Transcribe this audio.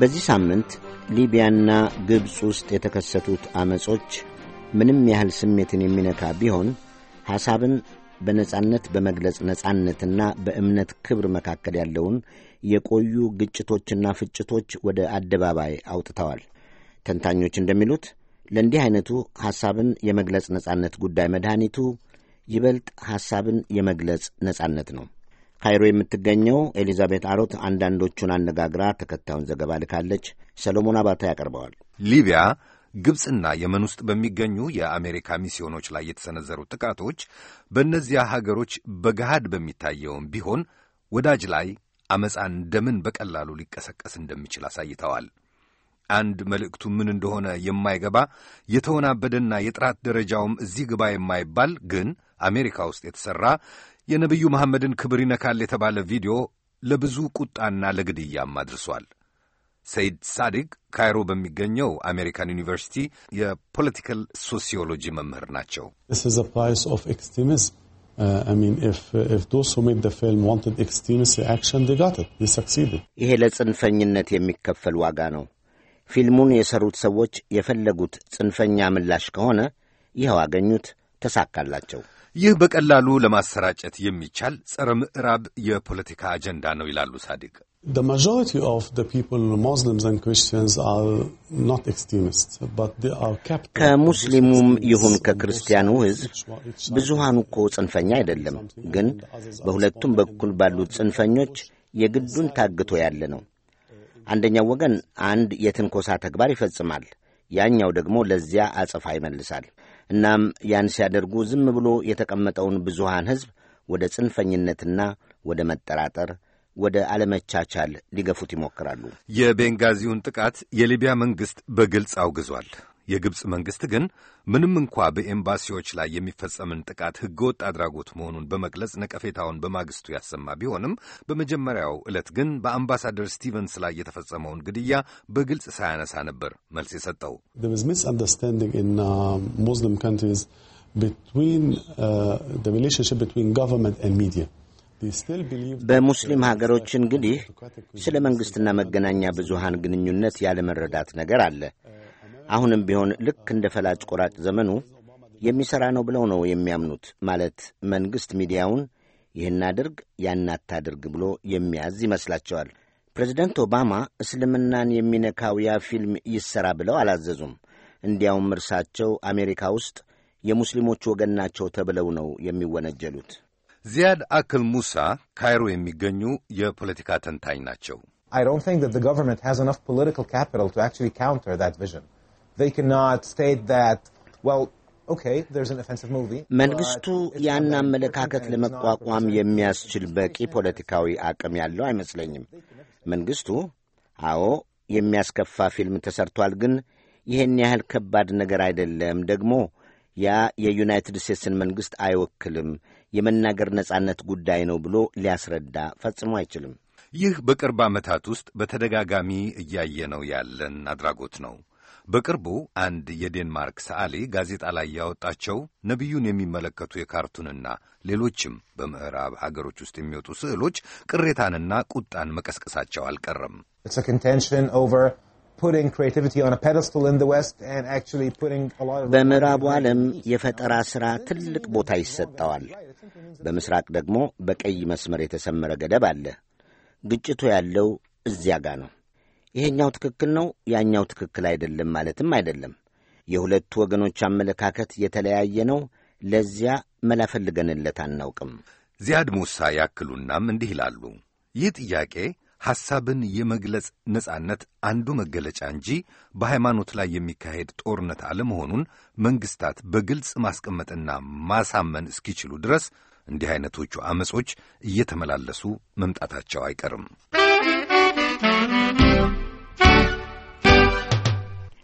በዚህ ሳምንት ሊቢያና ግብፅ ውስጥ የተከሰቱት ዐመጾች ምንም ያህል ስሜትን የሚነካ ቢሆን ሐሳብን በነጻነት በመግለጽ ነጻነትና በእምነት ክብር መካከል ያለውን የቆዩ ግጭቶችና ፍጭቶች ወደ አደባባይ አውጥተዋል። ተንታኞች እንደሚሉት ለእንዲህ ዐይነቱ ሐሳብን የመግለጽ ነጻነት ጉዳይ መድኃኒቱ ይበልጥ ሐሳብን የመግለጽ ነጻነት ነው። ካይሮ የምትገኘው ኤሊዛቤት አሮት አንዳንዶቹን አነጋግራ ተከታዩን ዘገባ ልካለች። ሰሎሞን አባታ ያቀርበዋል። ሊቢያ ግብፅና የመን ውስጥ በሚገኙ የአሜሪካ ሚስዮኖች ላይ የተሰነዘሩ ጥቃቶች በእነዚያ ሀገሮች በገሃድ በሚታየውም ቢሆን ወዳጅ ላይ አመፃን ደምን በቀላሉ ሊቀሰቀስ እንደሚችል አሳይተዋል። አንድ መልእክቱ ምን እንደሆነ የማይገባ የተወናበደና የጥራት ደረጃውም እዚህ ግባ የማይባል ግን አሜሪካ ውስጥ የተሠራ የነቢዩ መሐመድን ክብር ይነካል የተባለ ቪዲዮ ለብዙ ቁጣና ለግድያም አድርሷል። ሰይድ ሳዲቅ ካይሮ በሚገኘው አሜሪካን ዩኒቨርሲቲ የፖለቲካል ሶሲዮሎጂ መምህር ናቸው። uh, uh, ይሄ ለጽንፈኝነት የሚከፈል ዋጋ ነው። ፊልሙን የሠሩት ሰዎች የፈለጉት ጽንፈኛ ምላሽ ከሆነ ይኸው አገኙት፣ ተሳካላቸው። ይህ በቀላሉ ለማሰራጨት የሚቻል ጸረ ምዕራብ የፖለቲካ አጀንዳ ነው ይላሉ ሳዲቅ። ከሙስሊሙም ይሁን ከክርስቲያኑ ሕዝብ ብዙሃኑ እኮ ጽንፈኛ አይደለም፣ ግን በሁለቱም በኩል ባሉት ጽንፈኞች የግዱን ታግቶ ያለ ነው። አንደኛው ወገን አንድ የትንኮሳ ተግባር ይፈጽማል፣ ያኛው ደግሞ ለዚያ አጸፋ ይመልሳል። እናም ያን ሲያደርጉ ዝም ብሎ የተቀመጠውን ብዙሃን ሕዝብ ወደ ጽንፈኝነትና ወደ መጠራጠር ወደ አለመቻቻል ሊገፉት ይሞክራሉ። የቤንጋዚውን ጥቃት የሊቢያ መንግሥት በግልጽ አውግዟል። የግብፅ መንግሥት ግን ምንም እንኳ በኤምባሲዎች ላይ የሚፈጸምን ጥቃት ሕገወጥ አድራጎት መሆኑን በመግለጽ ነቀፌታውን በማግስቱ ያሰማ ቢሆንም በመጀመሪያው ዕለት ግን በአምባሳደር ስቲቨንስ ላይ የተፈጸመውን ግድያ በግልጽ ሳያነሳ ነበር መልስ የሰጠው። uh, uh, በሙስሊም ሀገሮች እንግዲህ ስለ መንግሥትና መገናኛ ብዙሃን ግንኙነት ያለመረዳት ነገር አለ። አሁንም ቢሆን ልክ እንደ ፈላጭ ቆራጭ ዘመኑ የሚሠራ ነው ብለው ነው የሚያምኑት። ማለት መንግሥት ሚዲያውን ይህን አድርግ ያን አታድርግ ብሎ የሚያዝ ይመስላቸዋል። ፕሬዚደንት ኦባማ እስልምናን የሚነካው ያ ፊልም ይሠራ ብለው አላዘዙም። እንዲያውም እርሳቸው አሜሪካ ውስጥ የሙስሊሞች ወገን ናቸው ተብለው ነው የሚወነጀሉት። ዚያድ አክል ሙሳ ካይሮ የሚገኙ የፖለቲካ ተንታኝ ናቸው። I don't think that the government has enough political capital to actually counter that vision. They cannot state that, well, መንግስቱ ያን አመለካከት ለመቋቋም የሚያስችል በቂ ፖለቲካዊ አቅም ያለው አይመስለኝም። መንግስቱ አዎ፣ የሚያስከፋ ፊልም ተሰርቷል፣ ግን ይህን ያህል ከባድ ነገር አይደለም፣ ደግሞ ያ የዩናይትድ ስቴትስን መንግስት አይወክልም፣ የመናገር ነጻነት ጉዳይ ነው ብሎ ሊያስረዳ ፈጽሞ አይችልም። ይህ በቅርብ ዓመታት ውስጥ በተደጋጋሚ እያየ ነው ያለን አድራጎት ነው። በቅርቡ አንድ የዴንማርክ ሰዓሊ ጋዜጣ ላይ ያወጣቸው ነቢዩን የሚመለከቱ የካርቱንና ሌሎችም በምዕራብ ሀገሮች ውስጥ የሚወጡ ስዕሎች ቅሬታንና ቁጣን መቀስቀሳቸው አልቀረም። በምዕራቡ ዓለም የፈጠራ ሥራ ትልቅ ቦታ ይሰጠዋል። በምሥራቅ ደግሞ በቀይ መስመር የተሰመረ ገደብ አለ። ግጭቱ ያለው እዚያ ጋ ነው። ይሄኛው ትክክል ነው፣ ያኛው ትክክል አይደለም ማለትም አይደለም። የሁለቱ ወገኖች አመለካከት የተለያየ ነው። ለዚያ መላ ፈልገንለት አናውቅም። ዚያድ ሙሳ ያክሉናም እንዲህ ይላሉ። ይህ ጥያቄ ሐሳብን የመግለጽ ነጻነት አንዱ መገለጫ እንጂ በሃይማኖት ላይ የሚካሄድ ጦርነት አለመሆኑን መንግሥታት በግልጽ ማስቀመጥና ማሳመን እስኪችሉ ድረስ እንዲህ ዐይነቶቹ ዐመጾች እየተመላለሱ መምጣታቸው አይቀርም።